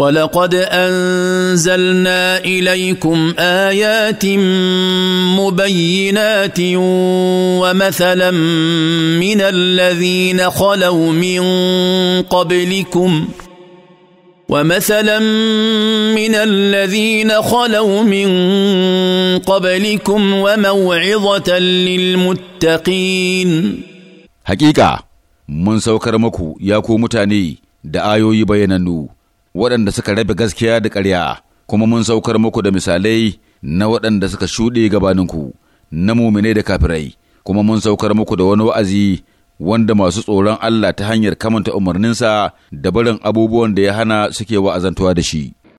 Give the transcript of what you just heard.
ولقد انزلنا اليكم ايات مبينات ومثلا من الذين خلوا من قبلكم ومثلا من الذين خلوا من قبلكم وموعظه للمتقين حقيقه من سوكر مكو ياكو متاني دعايو يبيننو waɗanda suka rabe gaskiya da ƙarya kuma mun saukar muku da misalai na waɗanda suka shuɗe gabaninku na muminai da kafirai kuma mun saukar muku da wani wa'azi wanda masu tsoron Allah ta hanyar kamanta umarninsa da barin abubuwan da ya hana suke wa'azantuwa da shi.